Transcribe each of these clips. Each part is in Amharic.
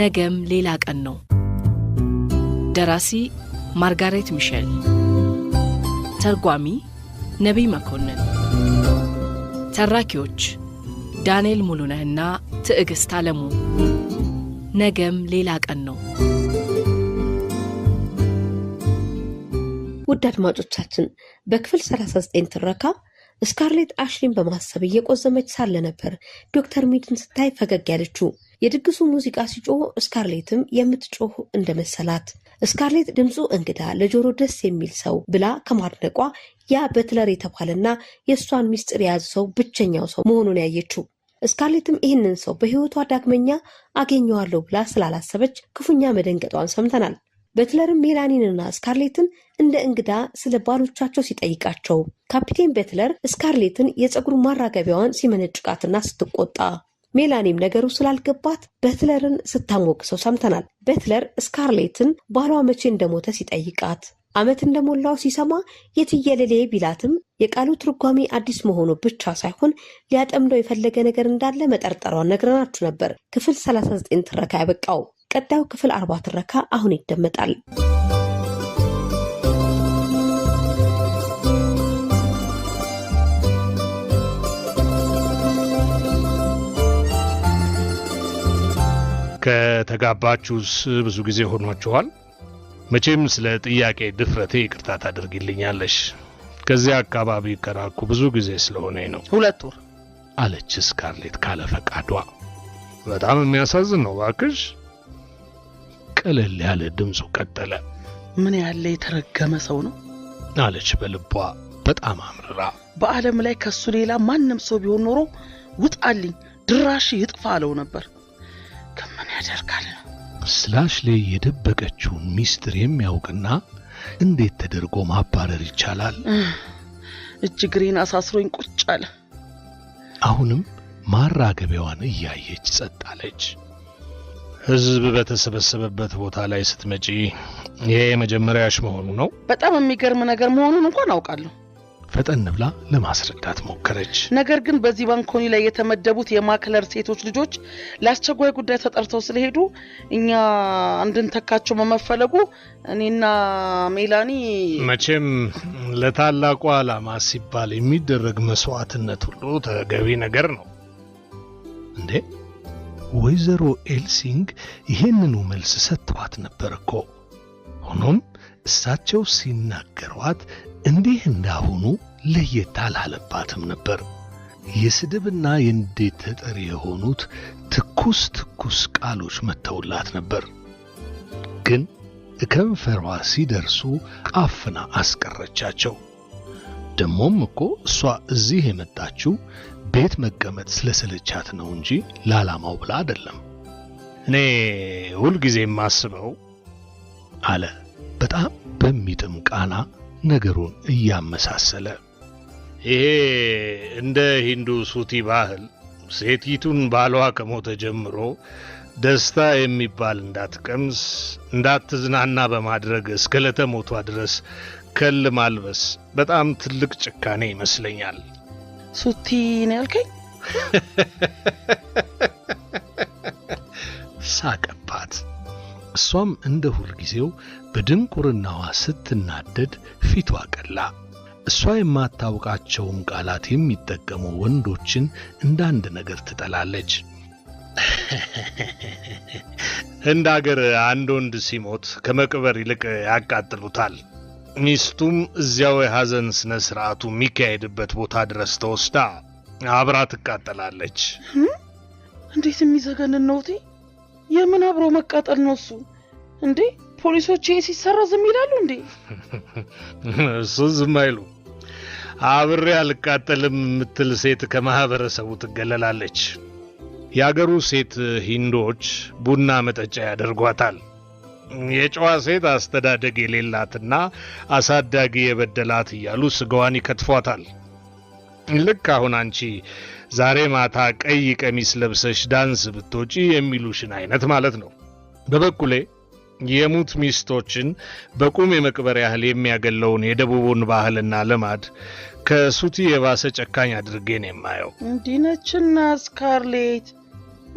ነገም ሌላ ቀን ነው። ደራሲ ማርጋሬት ሚሸል ተርጓሚ ነቢይ መኮንን፣ ተራኪዎች ዳንኤል ሙሉነህና ትዕግሥት አለሙ። ነገም ሌላ ቀን ነው። ውድ አድማጮቻችን በክፍል 39 ትረካ ስካርሌት አሽሊን በማሰብ እየቆዘመች ሳለ ነበር ዶክተር ሚድን ስታይ ፈገግ ያለችው። የድግሱ ሙዚቃ ሲጮሆ ስካርሌትም የምትጮህ እንደመሰላት ስካርሌት ድምፁ እንግዳ ለጆሮ ደስ የሚል ሰው ብላ ከማድነቋ ያ በትለር የተባለና የእሷን ሚስጥር የያዘ ሰው ብቸኛው ሰው መሆኑን ያየችው ስካርሌትም ይህንን ሰው በህይወቷ ዳግመኛ አገኘዋለሁ ብላ ስላላሰበች ክፉኛ መደንገጧን ሰምተናል። በትለርም ሜላኒንና ስካርሌትን እንደ እንግዳ ስለ ባሎቻቸው ሲጠይቃቸው ካፒቴን በትለር ስካርሌትን የፀጉር ማራገቢያዋን ሲመነጭቃትና ስትቆጣ ሜላኒም ነገሩ ስላልገባት በትለርን ሰው ሰምተናል። በትለር ስካርሌትን ባሏ መቼ እንደሞተ ሲጠይቃት ዓመት እንደሞላው ሲሰማ የትየለሌ ቢላትም የቃሉ ትርጓሜ አዲስ መሆኑ ብቻ ሳይሆን ሊያጠምደው የፈለገ ነገር እንዳለ መጠርጠሯን ነግረናችሁ ነበር። ክፍል 39 ትረካ ያበቃው። ቀጣዩ ክፍል 4 ትረካ አሁን ይደመጣል። ከተጋባችሁስ ብዙ ጊዜ ሆኗችኋል። መቼም ስለ ጥያቄ ድፍረቴ ይቅርታ ታደርጊልኛለሽ። ከዚያ አካባቢ ከራኩ ብዙ ጊዜ ስለሆነ ነው። ሁለት ወር አለች ስካርሌት ካለ ፈቃዷ። በጣም የሚያሳዝን ነው ባክሽ። ቀለል ያለ ድምፁ ቀጠለ። ምን ያለ የተረገመ ሰው ነው አለች በልቧ በጣም አምርራ። በዓለም ላይ ከሱ ሌላ ማንም ሰው ቢሆን ኖሮ ውጣልኝ፣ ድራሽ ይጥፋ አለው ነበር። ያደርጋል ነው። ስላሽሌ የደበቀችውን ሚስጥር የሚያውቅና እንዴት ተደርጎ ማባረር ይቻላል? እጅ ግሬን አሳስሮኝ ቁጭ አለ። አሁንም ማራገቢያዋን እያየች ጸጥ አለች። ህዝብ በተሰበሰበበት ቦታ ላይ ስትመጪ ይሄ የመጀመሪያሽ መሆኑ ነው። በጣም የሚገርም ነገር መሆኑን እንኳን አውቃለሁ። ፈጠን ብላ ለማስረዳት ሞከረች። ነገር ግን በዚህ ባንኮኒ ላይ የተመደቡት የማክለር ሴቶች ልጆች ለአስቸኳይ ጉዳይ ተጠርተው ስለሄዱ እኛ እንድንተካቸው በመፈለጉ እኔና ሜላኒ መቼም ለታላቁ ዓላማ ሲባል የሚደረግ መስዋዕትነት ሁሉ ተገቢ ነገር ነው እንዴ። ወይዘሮ ኤልሲንግ ይህንኑ መልስ ሰጥተዋት ነበር እኮ ሆኖም እሳቸው ሲናገሯት እንዲህ እንዳሁኑ ለየት አላለባትም ነበር። የስድብና የንዴት ተጠሪ የሆኑት ትኩስ ትኩስ ቃሎች መተውላት ነበር፣ ግን ከንፈሯ ሲደርሱ አፍና አስቀረቻቸው። ደሞም እኮ እሷ እዚህ የመጣችው ቤት መቀመጥ ስለሰለቻት ነው እንጂ ለዓላማው ብላ አይደለም። እኔ ሁልጊዜ የማስበው አለ በጣም በሚጥም ቃና ነገሩን እያመሳሰለ ይሄ እንደ ሂንዱ ሱቲ ባህል ሴቲቱን ባሏ ከሞተ ጀምሮ ደስታ የሚባል እንዳትቀምስ እንዳትዝናና በማድረግ እስከ ዕለተ ሞቷ ድረስ ከል ማልበስ በጣም ትልቅ ጭካኔ ይመስለኛል። ሱቲ ነው ያልከኝ? ሳቀባት። እሷም እንደ ሁልጊዜው በድንቁርናዋ ስትናደድ ፊቷ ቀላ። እሷ የማታውቃቸውን ቃላት የሚጠቀሙ ወንዶችን እንደ አንድ ነገር ትጠላለች። እንደ አገር አንድ ወንድ ሲሞት ከመቅበር ይልቅ ያቃጥሉታል። ሚስቱም እዚያው የሐዘን ሥነ ሥርዓቱ የሚካሄድበት ቦታ ድረስ ተወስዳ አብራ ትቃጠላለች። እንዴት የሚዘገንን ነውቴ! የምን አብሮ መቃጠል ነው እሱ እንዴ? ፖሊሶች ይሄ ሲሰራ ዝም ይላሉ እንዴ? እሱ ዝም አይሉ። አብሬ አልቃጠልም የምትል ሴት ከማህበረሰቡ ትገለላለች። የአገሩ ሴት ሂንዶች ቡና መጠጫ ያደርጓታል። የጨዋ ሴት አስተዳደግ የሌላትና አሳዳጊ የበደላት እያሉ ስጋዋን ይከትፏታል። ልክ አሁን አንቺ ዛሬ ማታ ቀይ ቀሚስ ለብሰሽ ዳንስ ብትወጪ የሚሉሽን አይነት ማለት ነው። በበኩሌ የሙት ሚስቶችን በቁም የመቅበር ያህል የሚያገለውን የደቡቡን ባህልና ልማድ ከሱቲ የባሰ ጨካኝ አድርጌ ነው የማየው። እንዲነችና ስካርሌት፣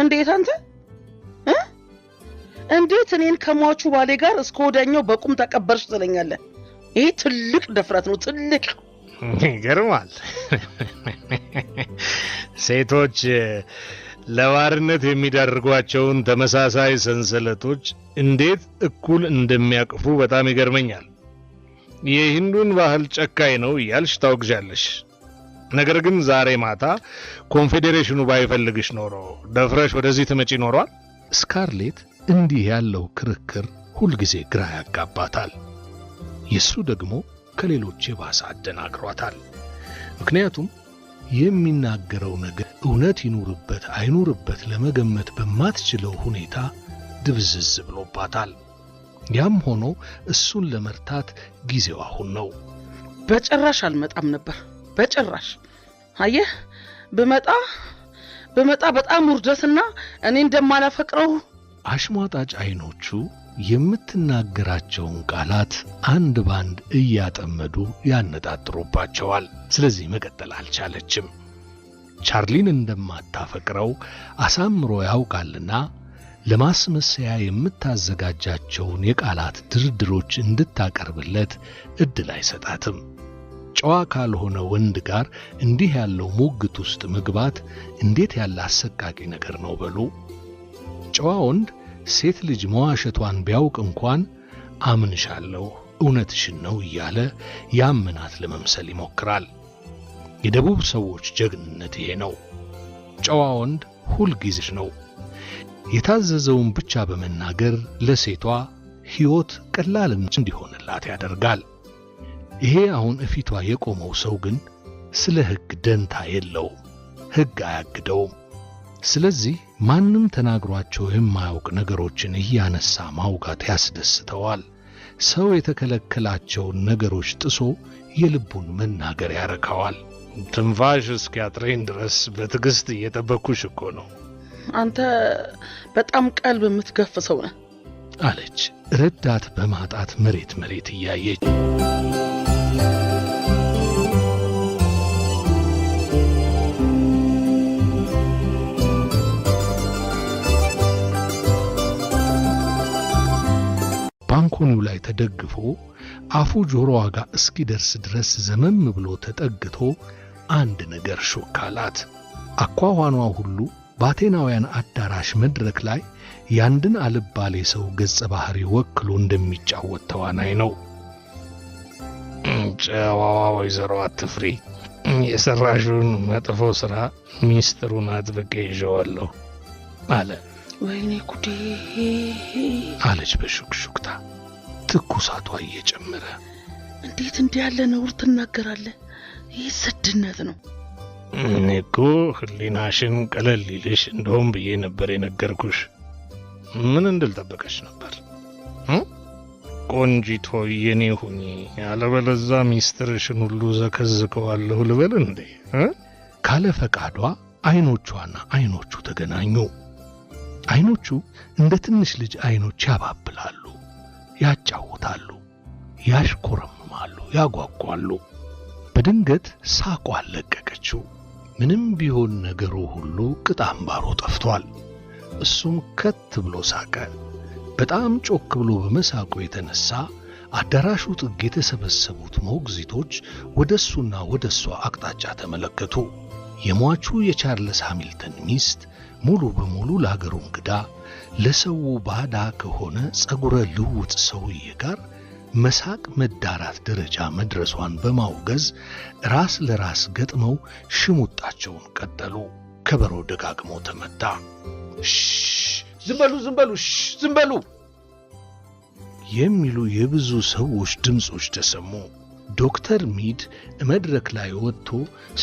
እንዴት አንተ እንዴት እኔን ከሟቹ ባሌ ጋር እስከ ወዳኛው በቁም ተቀበርሽ ትለኛለህ? ይህ ትልቅ ደፍረት ነው፣ ትልቅ ይገርማል። ሴቶች ለባርነት የሚዳርጓቸውን ተመሳሳይ ሰንሰለቶች እንዴት እኩል እንደሚያቅፉ በጣም ይገርመኛል። የሂንዱን ባህል ጨካኝ ነው እያልሽ ታወግዣለሽ። ነገር ግን ዛሬ ማታ ኮንፌዴሬሽኑ ባይፈልግሽ ኖሮ ደፍረሽ ወደዚህ ትመጪ ኖሯል። ስካርሌት እንዲህ ያለው ክርክር ሁልጊዜ ግራ ያጋባታል። የእሱ ደግሞ ከሌሎች የባሰ አደናግሯታል። ምክንያቱም የሚናገረው ነገር እውነት ይኑርበት አይኑርበት ለመገመት በማትችለው ሁኔታ ድብዝዝ ብሎባታል። ያም ሆኖ እሱን ለመርታት ጊዜው አሁን ነው። በጭራሽ አልመጣም ነበር። በጭራሽ አየህ፣ ብመጣ ብመጣ በጣም ውርደትና እኔ እንደማላፈቅረው አሽሟጣጭ አይኖቹ የምትናገራቸውን ቃላት አንድ ባንድ እያጠመዱ ያነጣጥሩባቸዋል። ስለዚህ መቀጠል አልቻለችም። ቻርሊን እንደማታፈቅረው አሳምሮ ያውቃልና ለማስመሰያ የምታዘጋጃቸውን የቃላት ድርድሮች እንድታቀርብለት ዕድል አይሰጣትም። ጨዋ ካልሆነ ወንድ ጋር እንዲህ ያለው ሙግት ውስጥ መግባት እንዴት ያለ አሰቃቂ ነገር ነው! በሉ ጨዋ ወንድ ሴት ልጅ መዋሸቷን ቢያውቅ እንኳን አምንሻለሁ፣ እውነትሽን ነው እያለ ያምናት ለመምሰል ይሞክራል። የደቡብ ሰዎች ጀግንነት ይሄ ነው። ጨዋ ወንድ ሁልጊዜሽ ነው። የታዘዘውን ብቻ በመናገር ለሴቷ ሕይወት ቀላልም እንዲሆንላት ያደርጋል። ይሄ አሁን እፊቷ የቆመው ሰው ግን ስለ ሕግ ደንታ የለውም። ሕግ አያግደውም። ስለዚህ ማንም ተናግሯቸው የማያውቅ ነገሮችን እያነሳ ማውጋት ያስደስተዋል። ሰው የተከለከላቸውን ነገሮች ጥሶ የልቡን መናገር ያረካዋል። ትንፋሽ እስኪያጥረኝ ድረስ በትዕግሥት እየጠበቅኩሽ እኮ ነው። አንተ በጣም ቀልብ የምትገፍ ሰው ነህ አለች ረዳት በማጣት መሬት መሬት እያየች ባንኮኒው ላይ ተደግፎ አፉ ጆሮዋ ጋር እስኪደርስ ድረስ ዘመም ብሎ ተጠግቶ አንድ ነገር ሾካላት አኳኋኗ ሁሉ በአቴናውያን አዳራሽ መድረክ ላይ ያንድን አልባሌ ሰው ገጸ ባህሪ ወክሎ እንደሚጫወት ተዋናይ ነው። ጨዋዋ ወይዘሮ አትፍሪ፣ የሰራሹን መጥፎ ሥራ ሚስጥሩን አጥብቄ ይዤዋለሁ አለ። ወይኔ ጉዴ አለች በሹክሹክታ ትኩሳቷ እየጨመረ። እንዴት እንዲህ ያለ ነውር ትናገራለህ? ይህ ስድነት ነው። እኔ እኮ ህሊናሽን ቀለል ይልሽ እንደውም ብዬ ነበር የነገርኩሽ። ምን እንድል ጠበቀሽ ነበር? ቆንጂቶ የኔ ሁኚ፣ ያለበለዛ ሚስጥርሽን ሁሉ ዘከዝከዋለሁ ልበል እንዴ? ካለ ፈቃዷ አይኖቿና አይኖቹ ተገናኙ። አይኖቹ እንደ ትንሽ ልጅ አይኖች ያባብላሉ፣ ያጫውታሉ፣ ያሽኮረምማሉ፣ ያጓጓሉ። በድንገት ሳቋ አለቀቀችው። ምንም ቢሆን ነገሩ ሁሉ ቅጥ አምባሮ ጠፍቷል። እሱም ከት ብሎ ሳቀ። በጣም ጮክ ብሎ በመሳቁ የተነሳ አዳራሹ ጥግ የተሰበሰቡት ሞግዚቶች ወደ እሱና ወደ እሷ አቅጣጫ ተመለከቱ። የሟቹ የቻርልስ ሃሚልተን ሚስት ሙሉ በሙሉ ለአገሩ እንግዳ ለሰው ባዳ ከሆነ ጸጉረ ልውጥ ሰውዬ ጋር መሳቅ መዳራት ደረጃ መድረሷን በማውገዝ ራስ ለራስ ገጥመው ሽሙጣቸውን ቀጠሉ። ከበሮ ደጋግሞ ተመታ። ዝምበሉ ዝምበሉ ዝምበሉ የሚሉ የብዙ ሰዎች ድምፆች ተሰሙ። ዶክተር ሚድ መድረክ ላይ ወጥቶ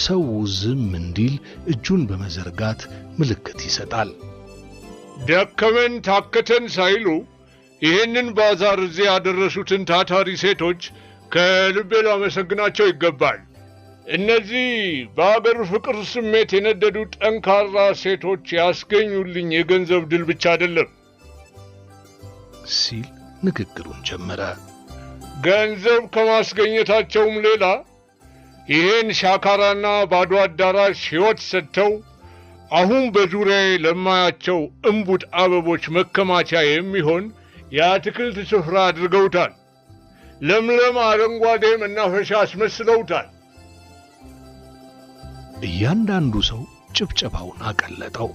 ሰው ዝም እንዲል እጁን በመዘርጋት ምልክት ይሰጣል። ደከመን ታከተን ሳይሉ ይህንን ባዛር እዚህ ያደረሱትን ታታሪ ሴቶች ከልቤ ላመሰግናቸው ይገባል። እነዚህ በአገር ፍቅር ስሜት የነደዱ ጠንካራ ሴቶች ያስገኙልኝ የገንዘብ ድል ብቻ አይደለም ሲል ንግግሩን ጀመረ። ገንዘብ ከማስገኘታቸውም ሌላ ይሄን ሻካራና ባዶ አዳራሽ ሕይወት ሰጥተው አሁን በዙሪያዬ ለማያቸው እምቡጥ አበቦች መከማቻ የሚሆን የአትክልት ስፍራ አድርገውታል። ለምለም አረንጓዴ መናፈሻ አስመስለውታል። እያንዳንዱ ሰው ጭብጨባውን አቀለጠው።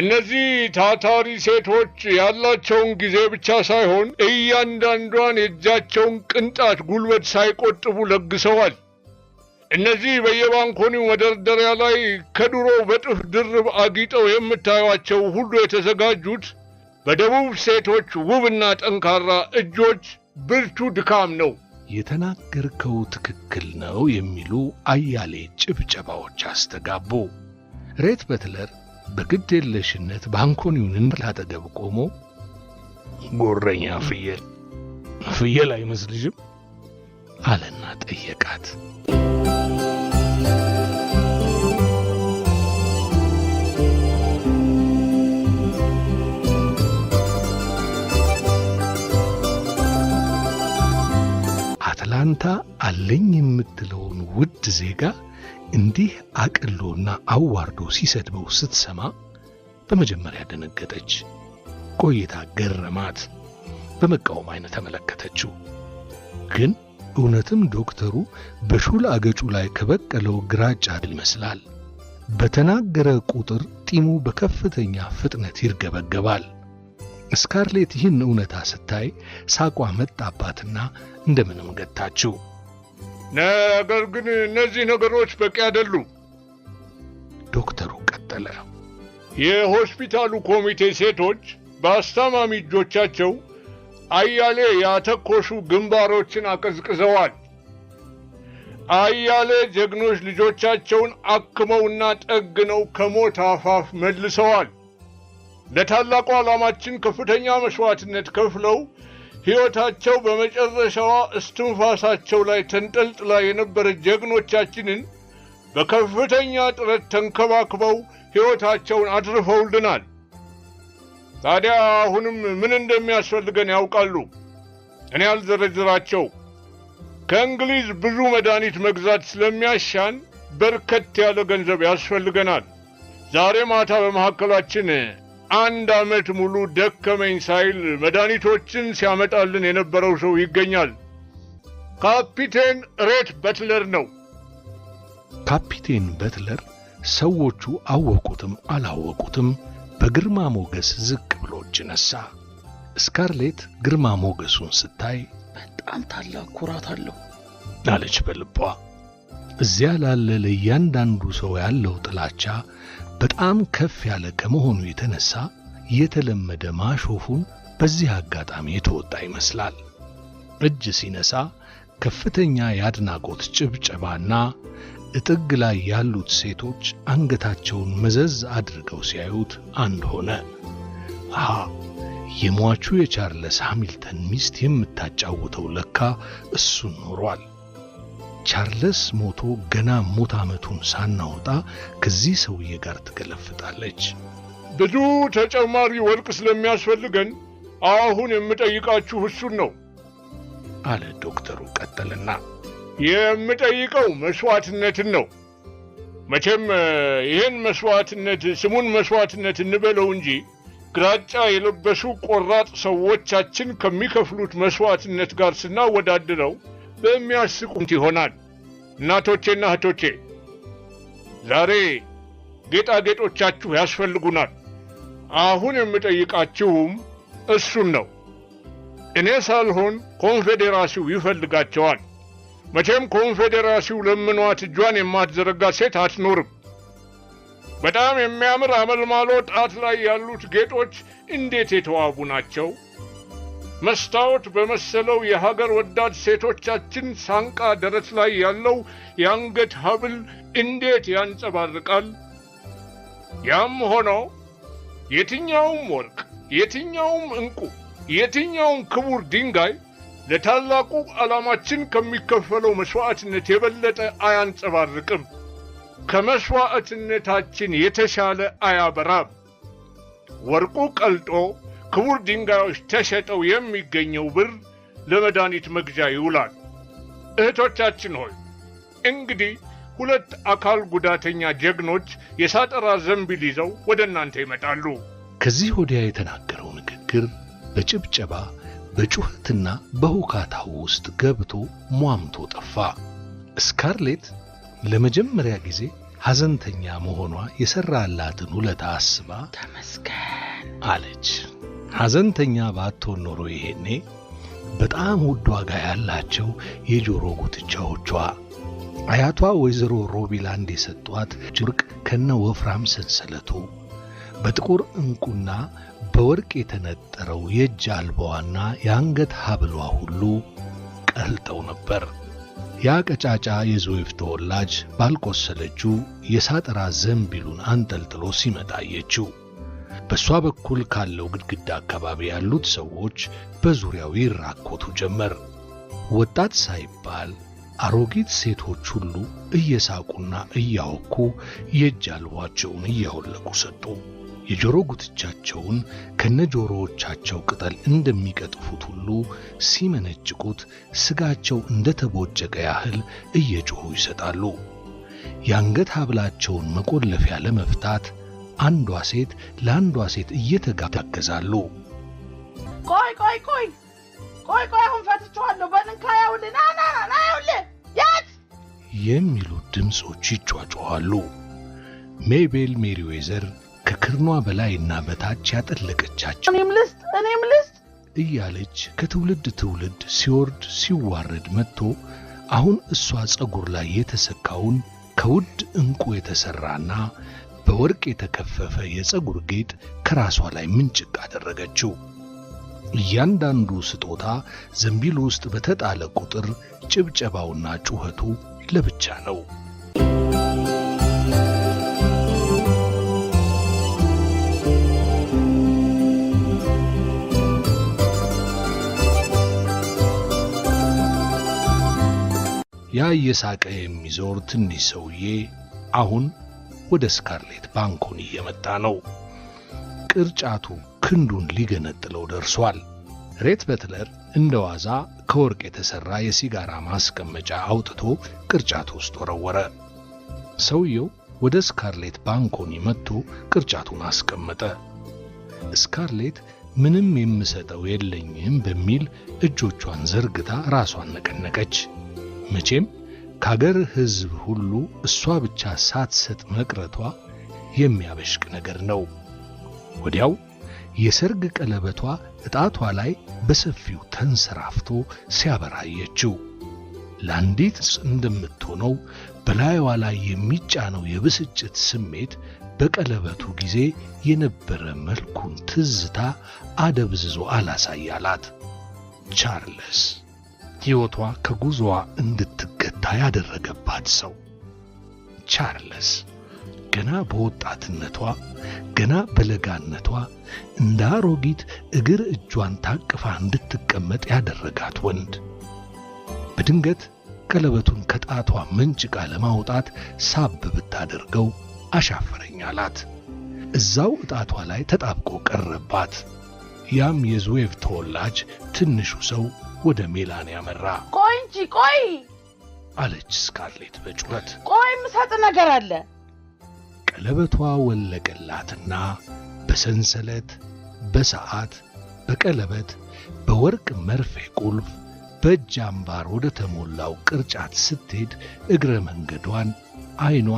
እነዚህ ታታሪ ሴቶች ያላቸውን ጊዜ ብቻ ሳይሆን እያንዳንዷን የእጃቸውን ቅንጣት ጉልበት ሳይቆጥቡ ለግሰዋል። እነዚህ በየባንኮኒው መደርደሪያ ላይ ከድሮ በጥፍ ድርብ አጊጠው የምታዩቸው ሁሉ የተዘጋጁት በደቡብ ሴቶች ውብና ጠንካራ እጆች ብርቱ ድካም ነው። የተናገርከው ትክክል ነው የሚሉ አያሌ ጭብጨባዎች አስተጋቡ። ሬት በትለር በግድ የለሽነት ባንኮኒውን ላጠገብ ቆሞ ጎረኛ ፍየል ፍየል አይመስልሽም አለና ጠየቃት። አትላንታ አለኝ የምትለውን ውድ ዜጋ እንዲህ አቅሎና አዋርዶ ሲሰድበው ስትሰማ በመጀመሪያ ደነገጠች። ቆይታ ገረማት። በመቃወም አይነት ተመለከተችው። ግን እውነትም ዶክተሩ በሹል አገጩ ላይ ከበቀለው ግራጫ ድል ይመስላል። በተናገረ ቁጥር ጢሙ በከፍተኛ ፍጥነት ይርገበገባል። ስካርሌት ይህን እውነታ ስታይ ሳቋ መጣባትና እንደምንም ገታችው። ነገር ግን እነዚህ ነገሮች በቂ አይደሉ። ዶክተሩ ቀጠለ። የሆስፒታሉ ኮሚቴ ሴቶች በአስታማሚ እጆቻቸው አያሌ ያተኮሹ ግንባሮችን አቀዝቅዘዋል። አያሌ ጀግኖች ልጆቻቸውን አክመውና ጠግነው ከሞት አፋፍ መልሰዋል። ለታላቁ ዓላማችን ከፍተኛ መሥዋዕትነት ከፍለው ሕይወታቸው በመጨረሻዋ እስትንፋሳቸው ላይ ተንጠልጥላ የነበረ ጀግኖቻችንን በከፍተኛ ጥረት ተንከባክበው ሕይወታቸውን አትርፈውልናል። ታዲያ አሁንም ምን እንደሚያስፈልገን ያውቃሉ። እኔ ያልዘረዝራቸው። ከእንግሊዝ ብዙ መድኃኒት መግዛት ስለሚያሻን በርከት ያለ ገንዘብ ያስፈልገናል። ዛሬ ማታ በመካከላችን አንድ ዓመት ሙሉ ደከመኝ ሳይል መድኃኒቶችን ሲያመጣልን የነበረው ሰው ይገኛል። ካፒቴን ሬት በትለር ነው። ካፒቴን በትለር ሰዎቹ አወቁትም አላወቁትም በግርማ ሞገስ ዝቅ ብሎ እጅ ነሳ። ስካርሌት ግርማ ሞገሱን ስታይ በጣም ታላቅ ኩራት አለው አለች በልቧ። እዚያ ላለ ለእያንዳንዱ ሰው ያለው ጥላቻ በጣም ከፍ ያለ ከመሆኑ የተነሳ የተለመደ ማሾፉን በዚህ አጋጣሚ የተወጣ ይመስላል። እጅ ሲነሳ ከፍተኛ የአድናቆት ጭብጨባና እጥግ ላይ ያሉት ሴቶች አንገታቸውን መዘዝ አድርገው ሲያዩት አንድ ሆነ። አሃ የሟቹ የቻርለስ ሃሚልተን ሚስት የምታጫውተው ለካ እሱን ኖሯል። ቻርለስ ሞቶ ገና ሞት ዓመቱን ሳናወጣ ከዚህ ሰውዬ ጋር ትገለፍጣለች። ብዙ ተጨማሪ ወርቅ ስለሚያስፈልገን አሁን የምጠይቃችሁ እሱን ነው አለ። ዶክተሩ ቀጠልና የምጠይቀው መሥዋዕትነትን ነው። መቼም ይህን መሥዋዕትነት ስሙን መሥዋዕትነት እንበለው እንጂ ግራጫ የለበሱ ቆራጥ ሰዎቻችን ከሚከፍሉት መሥዋዕትነት ጋር ስናወዳድረው በሚያስቁት ይሆናል። እናቶቼና እህቶቼ ዛሬ ጌጣጌጦቻችሁ ያስፈልጉናል። አሁን የምጠይቃችሁም እሱን ነው። እኔ ሳልሆን ኮንፌዴራሲው ይፈልጋቸዋል። መቼም ኮንፌዴራሲው ለምኗት እጇን የማትዘረጋ ሴት አትኖርም። በጣም የሚያምር አመልማሎ ጣት ላይ ያሉት ጌጦች እንዴት የተዋቡ ናቸው! መስታወት በመሰለው የሀገር ወዳድ ሴቶቻችን ሳንቃ ደረት ላይ ያለው የአንገት ሀብል እንዴት ያንጸባርቃል! ያም ሆኖ የትኛውም ወርቅ፣ የትኛውም ዕንቁ፣ የትኛውም ክቡር ድንጋይ ለታላቁ ዓላማችን ከሚከፈለው መሥዋዕትነት የበለጠ አያንጸባርቅም። ከመሥዋዕትነታችን የተሻለ አያበራም። ወርቁ ቀልጦ ክቡር ድንጋዮች ተሸጠው የሚገኘው ብር ለመድኃኒት መግዣ ይውላል። እህቶቻችን ሆይ እንግዲህ ሁለት አካል ጉዳተኛ ጀግኖች የሳጠራ ዘንቢል ይዘው ወደ እናንተ ይመጣሉ። ከዚህ ወዲያ የተናገረው ንግግር በጭብጨባ በጩኸትና በሁካታው ውስጥ ገብቶ ሟምቶ ጠፋ። ስካርሌት ለመጀመሪያ ጊዜ ሐዘንተኛ መሆኗ የሠራላትን ውለታ አስባ ተመስገን አለች። ሐዘንተኛ ባትሆን ኖሮ ይሄኔ በጣም ውድ ዋጋ ያላቸው የጆሮ ጉትቻዎቿ አያቷ ወይዘሮ ሮቢላንድ የሰጧት ጭርቅ ከነ ወፍራም ሰንሰለቱ በጥቁር ዕንቁና በወርቅ የተነጠረው የእጅ አልባዋና የአንገት ሀብሏ ሁሉ ቀልጠው ነበር። ያ ቀጫጫ የዞይፍ ተወላጅ ባልቆሰለችው የሳጠራ ዘንቢሉን አንጠልጥሎ ሲመጣየችው በእሷ በኩል ካለው ግድግዳ አካባቢ ያሉት ሰዎች በዙሪያው ይራኮቱ ጀመር። ወጣት ሳይባል አሮጊት ሴቶች ሁሉ እየሳቁና እያወኩ የእጅ አልቧቸውን እያወለቁ ሰጡ። የጆሮ ጉትቻቸውን ከነጆሮዎቻቸው ቅጠል እንደሚቀጥፉት ሁሉ ሲመነጭቁት ስጋቸው እንደተቦጨቀ ያህል እየጮኹ ይሰጣሉ። የአንገት ሀብላቸውን መቆለፊያ ለመፍታት አንዷ ሴት ለአንዷ ሴት እየተጋገዛሉ። ቆይ ቆይ ቆይ ቆይ ቆይ አሁን ፈትቼዋለሁ፣ በንካ ያውል ና ና ና ያውል ያት የሚሉ ድምፆች ይጫጫዋሉ። ሜቤል ሜሪዌዘር ከክርኗ በላይና በታች ያጠለቀቻቸው እኔም ልስጥ እኔም ልስጥ እያለች ከትውልድ ትውልድ ሲወርድ ሲዋረድ መጥቶ አሁን እሷ ጸጉር ላይ የተሰካውን ከውድ ዕንቁ የተሠራና በወርቅ የተከፈፈ የፀጉር ጌጥ ከራሷ ላይ ምንጭቅ አደረገችው። እያንዳንዱ ስጦታ ዘንቢል ውስጥ በተጣለ ቁጥር ጭብጨባውና ጩኸቱ ለብቻ ነው። ያ እየሳቀ የሚዞር ትንሽ ሰውዬ አሁን ወደ ስካርሌት ባንኮኒ እየመጣ ነው። ቅርጫቱ ክንዱን ሊገነጥለው ደርሷል። ሬት በትለር እንደ ዋዛ ከወርቅ የተሰራ የሲጋራ ማስቀመጫ አውጥቶ ቅርጫቱ ውስጥ ወረወረ። ሰውየው ወደ ስካርሌት ባንኮኒ መጥቶ ቅርጫቱን አስቀመጠ። ስካርሌት ምንም የምሰጠው የለኝም በሚል እጆቿን ዘርግታ ራሷን ነቀነቀች። መቼም ከአገር ሕዝብ ሁሉ እሷ ብቻ ሳትሰጥ መቅረቷ የሚያበሽቅ ነገር ነው። ወዲያው የሰርግ ቀለበቷ እጣቷ ላይ በሰፊው ተንሰራፍቶ ሲያበራየችው ለአንዲት እንደምትሆነው በላይዋ ላይ የሚጫነው የብስጭት ስሜት በቀለበቱ ጊዜ የነበረ መልኩን ትዝታ አደብዝዞ አላሳያላት ቻርልስ ሕይወቷ ከጉዞዋ እንድትገታ ያደረገባት ሰው ቻርለስ ገና በወጣትነቷ ገና በለጋነቷ እንደ አሮጊት እግር እጇን ታቅፋ እንድትቀመጥ ያደረጋት ወንድ በድንገት ቀለበቱን ከጣቷ መንጭቃ ለማውጣት ሳብ ብታደርገው አሻፈረኝ አላት። እዛው እጣቷ ላይ ተጣብቆ ቀረባት። ያም የዙዌቭ ተወላጅ ትንሹ ሰው ወደ ሜላን ያመራ። ቆይ እንጂ ቆይ አለች ስካርሌት በጩኸት። ቆይ ምሰጥ ነገር አለ። ቀለበቷ ወለቀላትና በሰንሰለት፣ በሰዓት፣ በቀለበት፣ በወርቅ መርፌ ቁልፍ፣ በእጅ አምባር ወደ ተሞላው ቅርጫት ስትሄድ እግረ መንገዷን አይኗ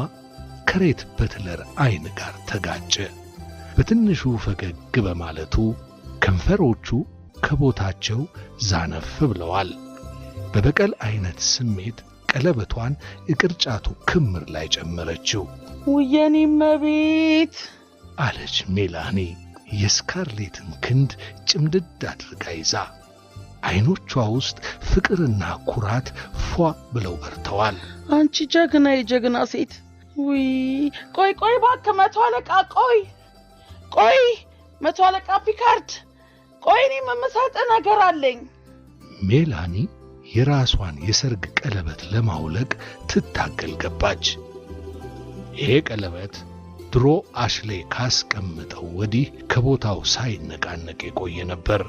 ከሬት በትለር አይን ጋር ተጋጨ። በትንሹ ፈገግ በማለቱ ከንፈሮቹ ከቦታቸው ዛነፍ ብለዋል። በበቀል አይነት ስሜት ቀለበቷን የቅርጫቱ ክምር ላይ ጨመረችው። ውየኔ መቤት አለች ሜላኒ የስካርሌትን ክንድ ጭምድድ አድርጋ ይዛ። አይኖቿ ውስጥ ፍቅርና ኩራት ፏ ብለው በርተዋል። አንቺ ጀግና የጀግና ሴት! ውይ ቆይ ቆይ፣ እባክህ መቶ አለቃ ቆይ ቆይ፣ መቶ አለቃ ፒካርድ ቆይ እኔም የምሰጥ ነገር አለኝ። ሜላኒ የራሷን የሰርግ ቀለበት ለማውለቅ ትታገል ገባች። ይሄ ቀለበት ድሮ አሽሌ ካስቀምጠው ወዲህ ከቦታው ሳይነቃነቅ የቆየ ነበር።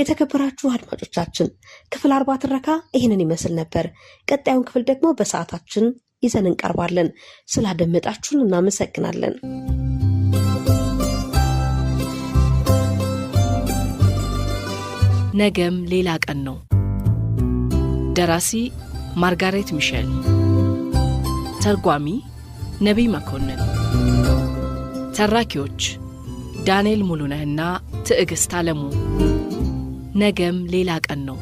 የተከበራችሁ አድማጮቻችን ክፍል አርባ ትረካ ይህንን ይመስል ነበር። ቀጣዩን ክፍል ደግሞ በሰዓታችን ይዘን እንቀርባለን። ስላደመጣችሁን እናመሰግናለን። ነገም ሌላ ቀን ነው። ደራሲ ማርጋሬት ሚሸል፣ ተርጓሚ ነቢይ መኮንን፣ ተራኪዎች ዳንኤል ሙሉነህና ትዕግሥት አለሙ። ነገም ሌላ ቀን ነው።